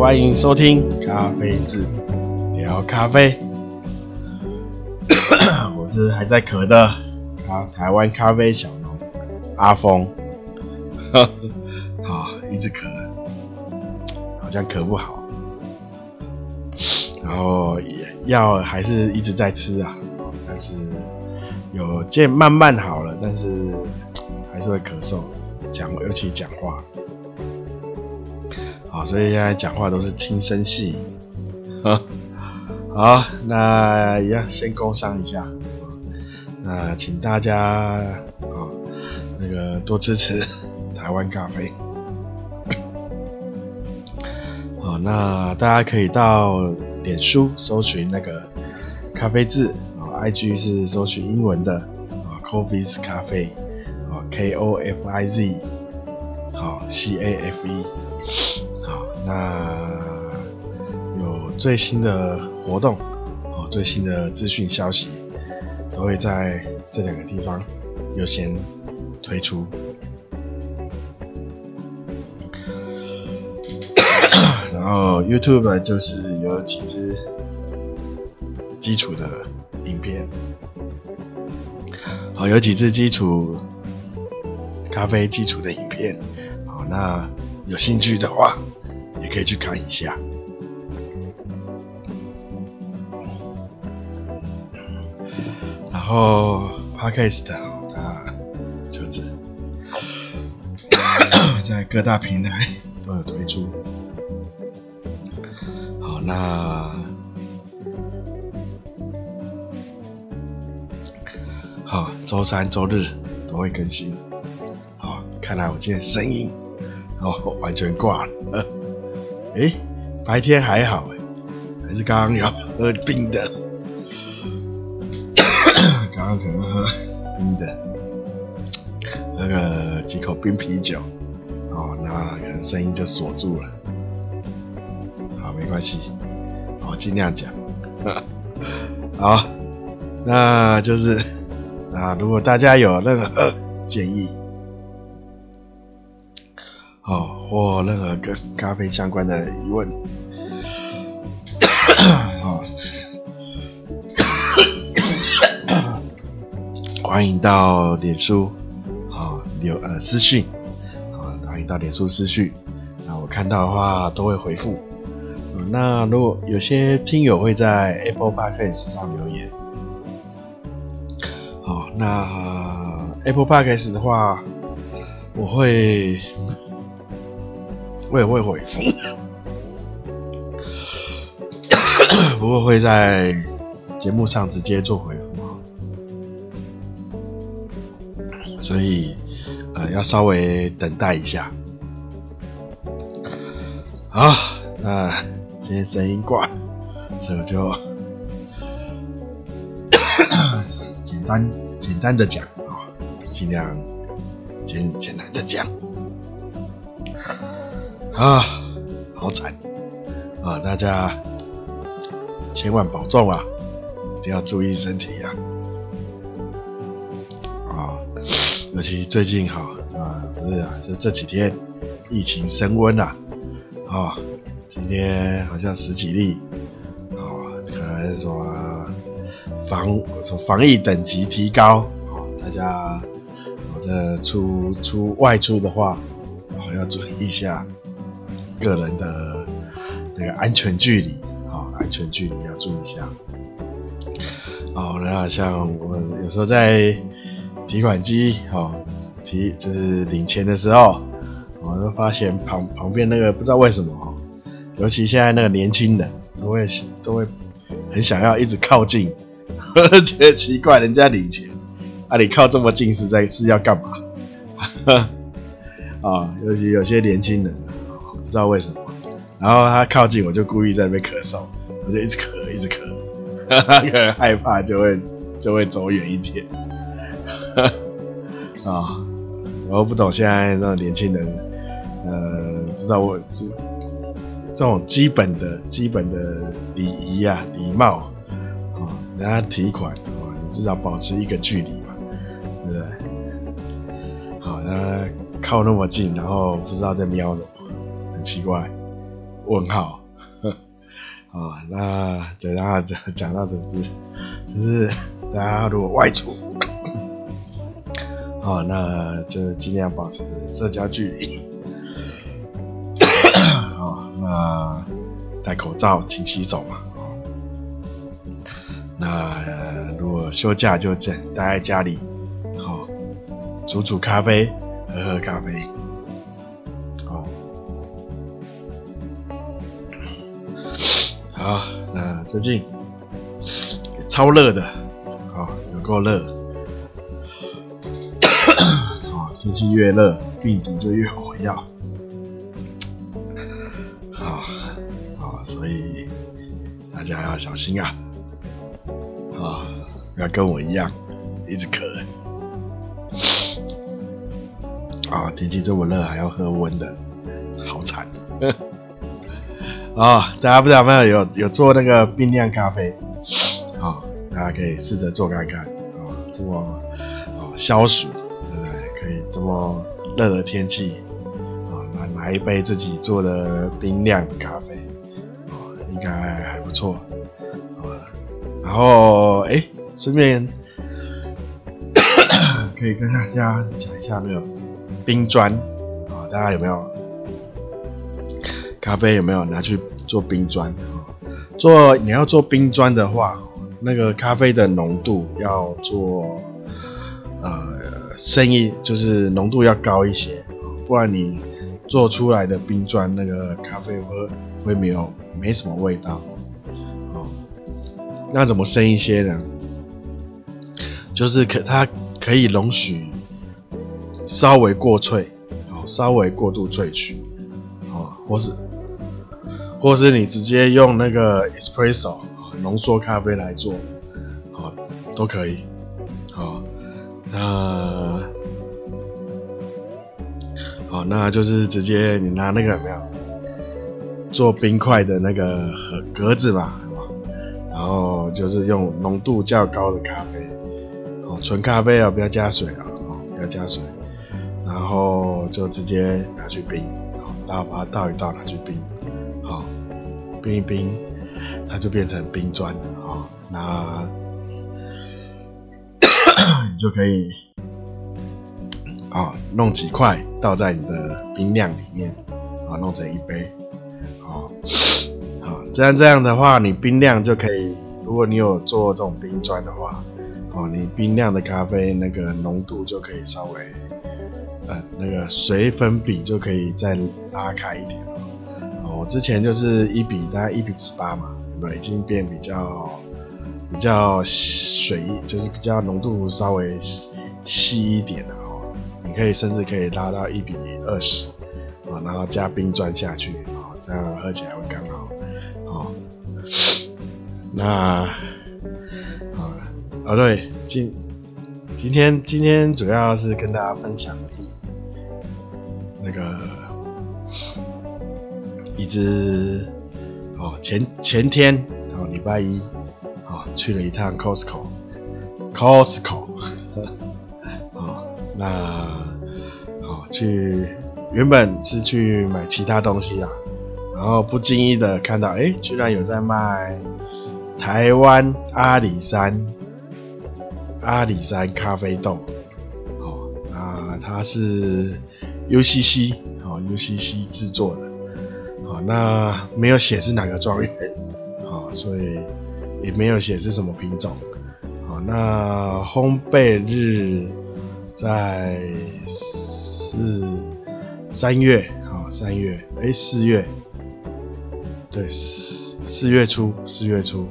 歡迎收聽咖啡誌聊咖啡， 我是還在咳的、啊，台灣咖啡小農阿峰， 好，一直咳，好像咳不好， 然後藥還是一直在吃啊，但是有見慢慢好了，但是還是會咳嗽，講尤其講話。好，所以現在講話都是輕聲細語。啊呵，好，那一樣先工商一下。那請大家啊，那個多支持台灣咖啡。好，那大家可以到臉書搜尋那個咖啡字，啊，IG 是搜尋英文的，啊 Kofiz 咖啡，啊，K O F I Z，好，C A F E。那有最新的活動，哦，最新的資訊消息都會在這兩個地方優先推出。 然後 YouTube 就是有幾支基礎的影片，好，有幾支基礎咖啡基礎的影片，好，那有興趣的話。可以去看一下，然後 Podcast 的、啊、就這，在各大平台都有推出。好，那好，週三、週日都會更新。好，看來我今天聲音好，噢、完全掛了。呵呵誒，白天還好誒，還是剛剛有喝冰的，剛剛可能喝冰的，喝了幾口冰啤酒，哦，那可能聲音就鎖住了。好，沒關係，好、哦，盡量講。好，那就是，那如果大家有任何建議。哦，或任何跟咖啡相關的疑問， 哦、 歡迎到臉書，好、哦、留呃私訊，好、哦、歡迎到臉書私訊，那我看到的話都會回復、嗯。那如果有些聽友會在 Apple Podcast 上留言，好、哦，那 Apple Podcast 的話，我會。我也會回復，不 過會在節目上直接做回復，所以呃要稍微等待一下。好，那今天聲音掛了，所以我就 簡單簡單的講啊，盡量簡簡單的講。啊，好慘啊！大家千萬保重啊，一定要注意身體呀、啊！啊，尤其最近哈啊，啊，不是啊，就這幾天疫情升溫了啊，啊。今天好像十幾例，啊，可能是說防、啊、從防疫等級提高，啊，大家我、啊、這出出外出的話，還、啊、要注意一下。個人的那個安全距離，好，哦，安全距離要注意一下。哦，然後像我有時候在提款機，哦，提就是領錢的時候，我都發現旁旁邊那個不知道為什麼，尤其現在那個年輕人，都會都會很想要一直靠近，呵呵覺得奇怪，人家領錢啊，你靠這麼近是在是要幹嘛？啊，哦，尤其有些年輕人。不知道為什麼，然後他靠近，我就故意在那邊咳嗽，我就一直咳，一直咳，呵呵，可能害怕就會就會走遠一點，啊、哦，我不懂現在這種年輕人，呃，不知道我這這種基本的基本的禮儀啊，禮貌啊、哦，人家提款啊，你、哦、至少保持一個距離吧，對不對？好、哦，那靠那麼近，然後不知道在瞄什麼。奇怪，問號，啊， 那等下講講到這裡，就是大家如果外出，啊、 哦，那就盡量保持社交距離，啊， 那戴口罩、勤洗手嘛，那、呃、如果休假就整待在家裡，哦，煮煮咖啡，喝喝咖啡。最近超熱的，啊、哦，有夠熱，啊、 哦，天氣越熱，病毒就越活躍，啊、哦，啊、哦，所以大家要小心啊，啊、哦，不要跟我一樣一直咳，啊、哦，天氣這麼熱還要喝溫的，好慘。 啊、哦，大家不知道有沒有有有做那個冰釀咖啡？啊、哦，大家可以試着做看看，啊、哦，這麼啊、哦、消暑，對不對，對？可以這麼熱的天氣啊，來、哦、買一杯自己做的冰釀咖啡啊、哦，應該還不錯，好、哦、吧？然後誒，順、欸、便 可以跟大家講一下那個冰磚啊、哦，大家有沒有？咖啡有沒有拿去做冰磚？做你要做冰磚的話，那個咖啡的濃度要做呃深一，就是濃度要高一些，不然你做出來的冰磚那個咖啡喝會沒有沒什麼味道。哦，那怎麼深一些呢？就是可它可以容許稍微過萃，哦，稍微過度萃取，哦，或是。或是你直接用那個 espresso 濃縮咖啡來做，啊，都可以，啊，那，好，那就是直接你拿那個有沒有，做冰塊的那個盒格子吧。然後就是用濃度較高的咖啡，哦，純咖啡啊，不要加水啊，哦，不要加水，然後就直接拿去冰，大家把它倒一倒拿去冰。冰一冰，它就變成冰磚了啊、哦！那 你就可以啊、哦，弄幾塊倒在你的冰量裡面啊、哦，弄成一杯啊好、哦哦，這樣這樣的話，你冰量就可以，如果你有做這種冰磚的話，哦，你冰量的咖啡那個濃度就可以稍微嗯，那個水粉比就可以再拉開一點。我之前就是一比大概一比十八嘛，有沒有，已經變比較比較水，就是比較濃度稍微稀一點的哦。你可以甚至可以拉到一比二十啊，然後加冰磚下去，哦，這樣喝起來會剛好。哦，那啊啊對，今今天今天主要是跟大家分享的那個，一直哦，前前天哦，禮拜一哦，去了一趟 Costco，Costco 哦，那哦去原本是去買其他東西啊，然後不經意的看到，哎，居然有在賣台灣阿里山阿里山咖啡豆，好，那它是 UCC 哦，UCC 製作的。那沒有寫是哪個莊園，好，所以也沒有寫是什麼品種，好，那烘焙日在四三月，啊三月，哎、欸，四月，對，四四月初，四月初，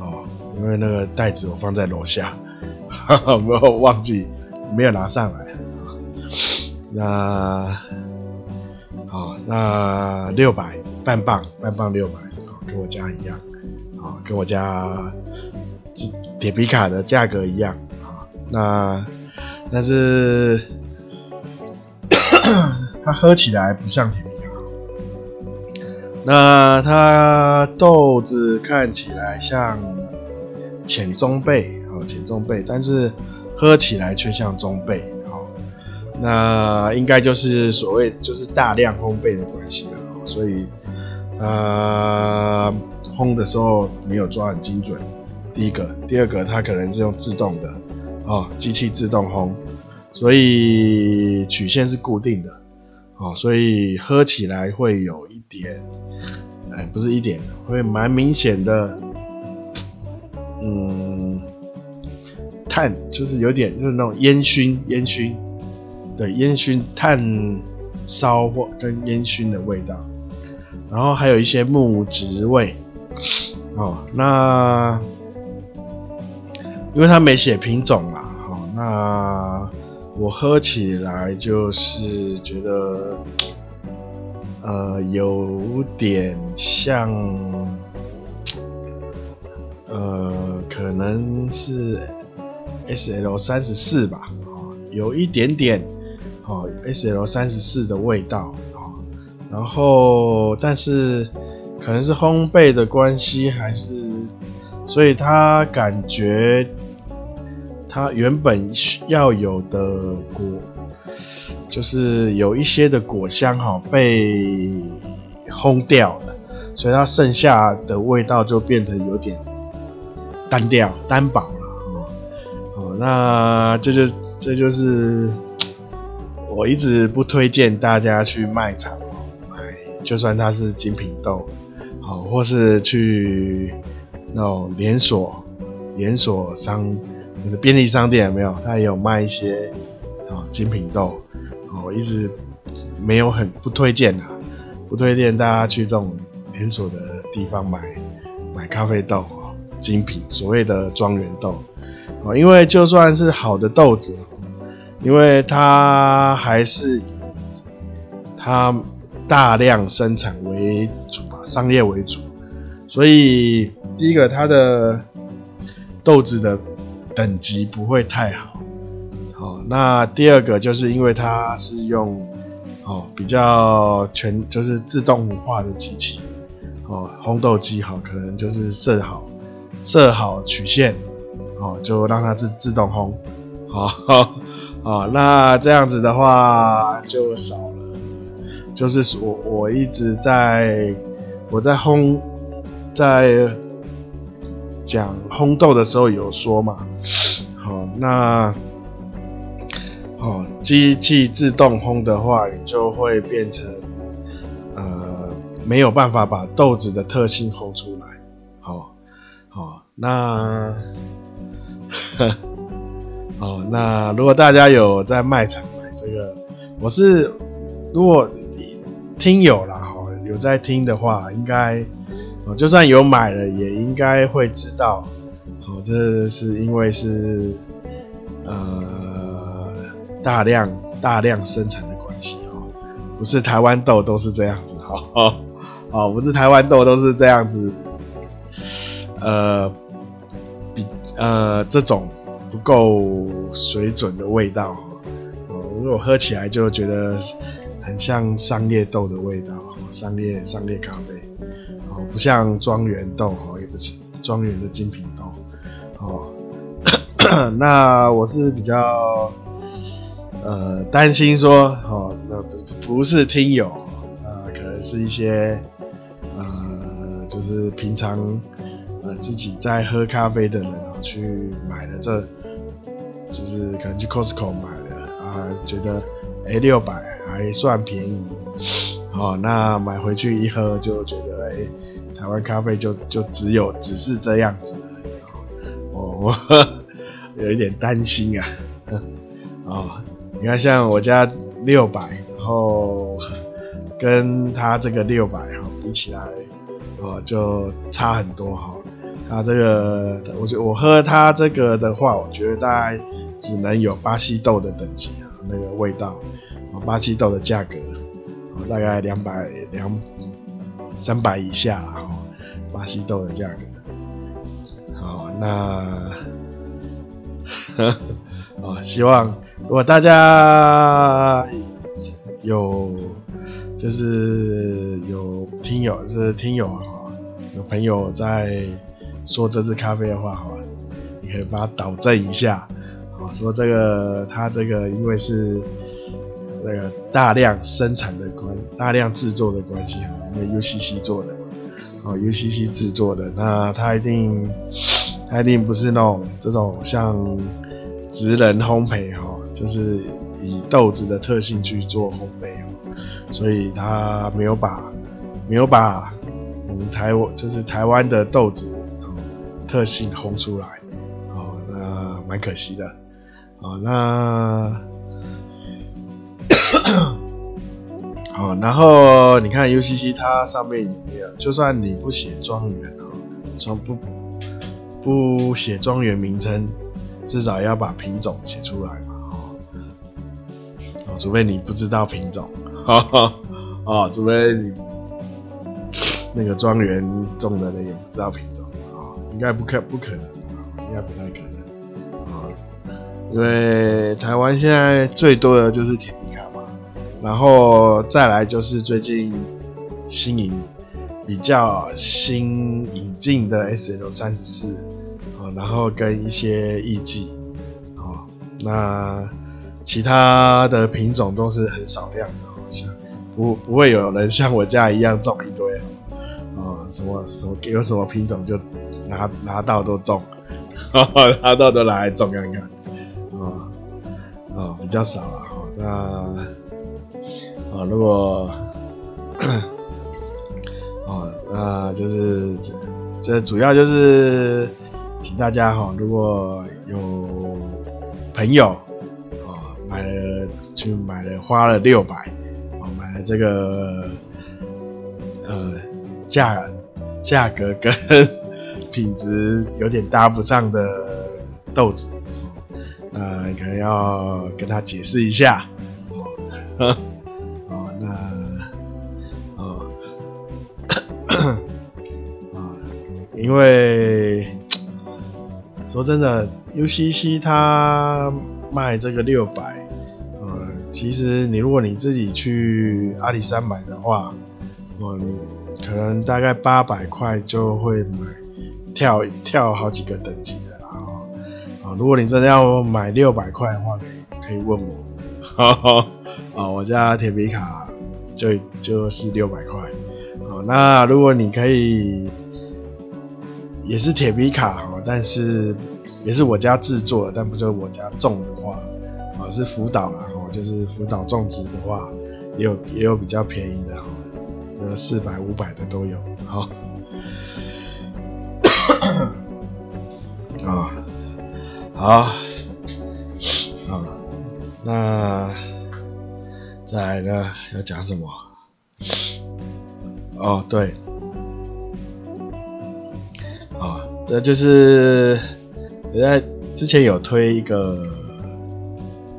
啊，因為那個袋子我放在樓下，哈哈，沒有忘記，沒有拿上來，啊，那好，那六百。半磅，半磅六百，跟我家一樣，啊，跟我家鐵皮卡的價格一樣啊。那，但是咳咳它喝起來不像鐵皮卡。那它豆子看起來像淺中焙，啊，淺中焙，但是喝起來卻像中焙，啊，那應該就是所謂就是大量烘焙的關係了。所以，呃，烘的時候沒有抓很精準。第一個，第二個，它可能是用自動的，哦，機器自動烘，所以曲線是固定的，哦，所以喝起來會有一點，哎，不是一點，會蠻明顯的，嗯，炭就是有點，就是那種煙燻煙燻，對，煙燻炭。燒貨跟煙燻的味道，然後還有一些木質味，哦，那因為它沒寫品種嘛，好、哦，那我喝起來就是覺得，呃，有點像，呃，可能是 SL34 吧、哦，有一點點。S.L. 三十四的味道，然後但是可能是烘焙的關係，還是所以他感覺他原本要有的果，就是有一些的果香哈被烘掉了，所以它剩下的味道就變得有點單調單薄了哦，那這就這就是。我一直不推薦大家去賣場哦買，就算它是精品豆，好，或是去那種連鎖連鎖商，你的便利商店有沒有？它也有賣一些啊精品豆，我一直沒有很不推薦啊，不推薦大家去這種連鎖的地方買買咖啡豆啊精品所謂的莊園豆，好，因為就算是好的豆子。因為它還是以它大量生產為主吧，商業為主，所以第一個它的豆子的等級不會太好，好，那第二個就是因為它是用、哦、比較全就是自動化的機器哦烘豆機好，可能就是設好設好曲線、哦、就讓它自自動烘好。哦呵呵哦，那這樣子的話就少了。就是我我一直在我在烘在講烘豆的時候有說嘛，好、哦、那好、哦、機器自動烘的話，你就會變成呃沒有辦法把豆子的特性烘出來。好、哦、好、哦、那。呵哦，那如果大家有在賣場買這個，我是如果聽友啦，哈，有在聽的話，應該哦，就算有買了，也應該會知道哦，這是因為是呃大量大量生產的關係哦，不是台灣豆都是這樣子哈，哦，不是台灣豆都是這樣子，呃，比呃這種。不夠水準的味道，哦，因為我喝起來就覺得很像商業豆的味道，哦，商業商業咖啡，哦，不像莊園豆，哦，也不是莊園的精品豆，哦咳咳，那我是比較，呃，擔心說，哦，那不是不是聽友，呃，可能是一些，呃，就是平常，呃，自己在喝咖啡的人，然後去買了這。就是可能去 Costco 買的啊，覺得誒六百還算便宜，哦，那買回去一喝就覺得誒、欸、台灣咖啡就就只有只是這樣子而已，哦，我有一點擔心啊、哦，你看像我家六百，然後跟他這個六百哈比起來啊、哦、就差很多哈，他、哦、這個我覺我喝他這個的話，我覺得大概。只能有巴西豆的等級，啊，那個味道，巴西豆的價格，大概兩百兩三百以下，啊。巴西豆的價格，格，好，那，啊， 希望如果大家有就是有聽友，就是聽友啊，有朋友在說這支咖啡的話，好吧，你可以把它導正一下。說這個，他這個因為是那個大量生產的關，大量制作的關係哈，因為 UCC 做的，哦 UCC 制作的，那他一定他一定不是那種這種像職人烘焙哈，就是以豆子的特性去做烘焙，所以他沒有把沒有把我們台灣就是台灣的豆子特性烘出來，哦，那蠻可惜的。好，那 好，然後你看 UCC 它上面有沒有？就算你不寫莊園啊，從、哦、不不寫莊園名稱，至少要把品種寫出來嘛，哦，除非你不知道品種，啊、 哦，除非你那個莊園種的人也不知道品種，啊、哦，應該不可不可能，應該不太可能。因為台灣現在最多的就是鐵皮卡嘛，然後再來就是最近新引比較新引進的 S L 三十，哦，四，啊，然後跟一些藝伎，啊，那其他的品種都是很少量的，好像不不會有人像我家一樣種一堆，啊，哦，什麼什麼有什麼品種就拿拿到都種，哈哈拿到都拿來種看看。啊、哦，比較少了、啊、哈、哦。那啊、哦，如果啊、哦，那就是這，這主要就是請大家哈、哦，如果有朋友啊、哦、買了去買了花了六百、哦，哦，買了這個呃價價格跟呵呵品質有點搭不上的豆子。呃，可能要跟他解釋一下，哦呵呵，哦，那，哦，啊、呃，因為說真的，UCC 他賣這個六百，呃，其實你如果你自己去阿里山買的話，哦、呃，你可能大概八百塊就會買，跳跳好幾個等級。如果你真的要買六百塊的話，可以問我。啊， 我家鐵皮卡就就是六百塊。啊，那如果你可以，也是鐵皮卡哦，但是也是我家製作，但不是我家種的話，啊，是福島啊，我就是福島種植的話，也有也有比較便宜的哈，有四百、五百的都有。啊。 好，啊、哦，那再來呢？要講什麼？哦，對，啊、哦，那就是在之前有推一個，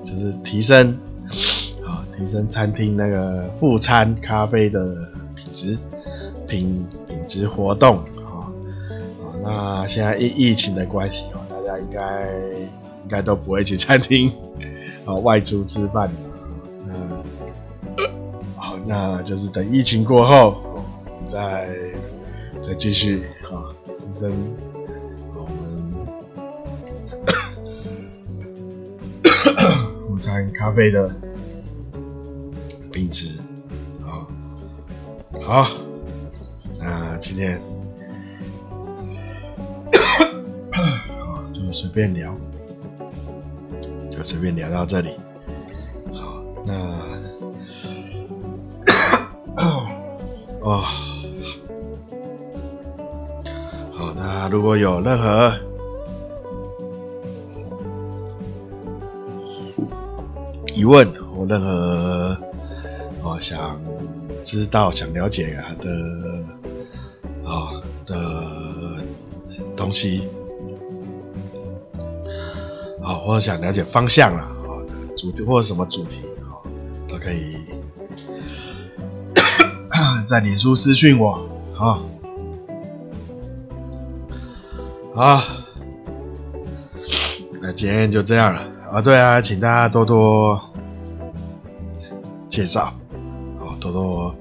就是提升，啊、哦，提升餐廳那個副餐咖啡的品質品品質活動，啊、哦，啊、哦，那現在因疫情的關係。應該應該都不會去餐廳啊、哦，外出吃飯嘛、哦。那好、哦，那就是等疫情過後，哦、再再繼續啊。提、哦、升、哦，我們午 餐咖啡的品質啊，好，那今天。隨便聊，就隨便聊到這裡。好，那哦，好，那如果有任何疑問或任何我、哦、想知道、想了解啊的啊、哦、的東西。或者想了解方向了啊，主題或者什麼主題啊，都可以 在臉書私訊我。好、哦，好，那今天就這樣了啊。對啊，請大家多多介紹，啊，多多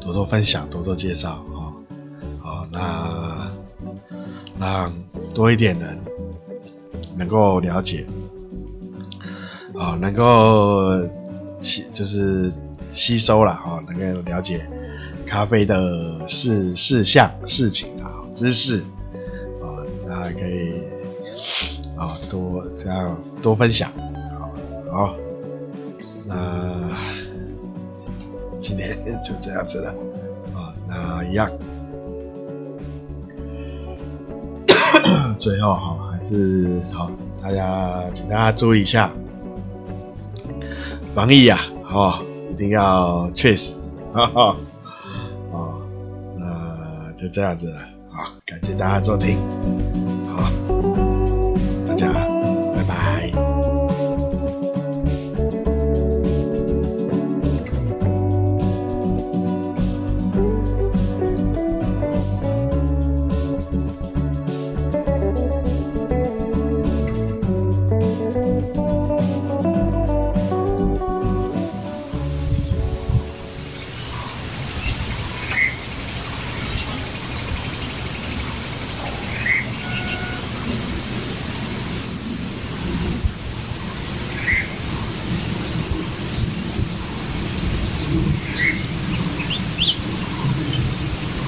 多多分享，多多介紹啊。哦、好，那讓多一點人。能夠了解，啊、哦，能夠吸就是吸收了，啊、哦，能夠了解咖啡的事事項事情啊、哦、知識，啊、哦，大家可以啊、哦、多這樣多分享，好、哦，好，那今天就這樣子了，啊、哦，那一樣。最後哈、哦，還是好，大家請大家注意一下，防疫呀、啊，好、哦，一定要確實，啊哈哈、哦，那就這樣子了啊，感謝大家收聽。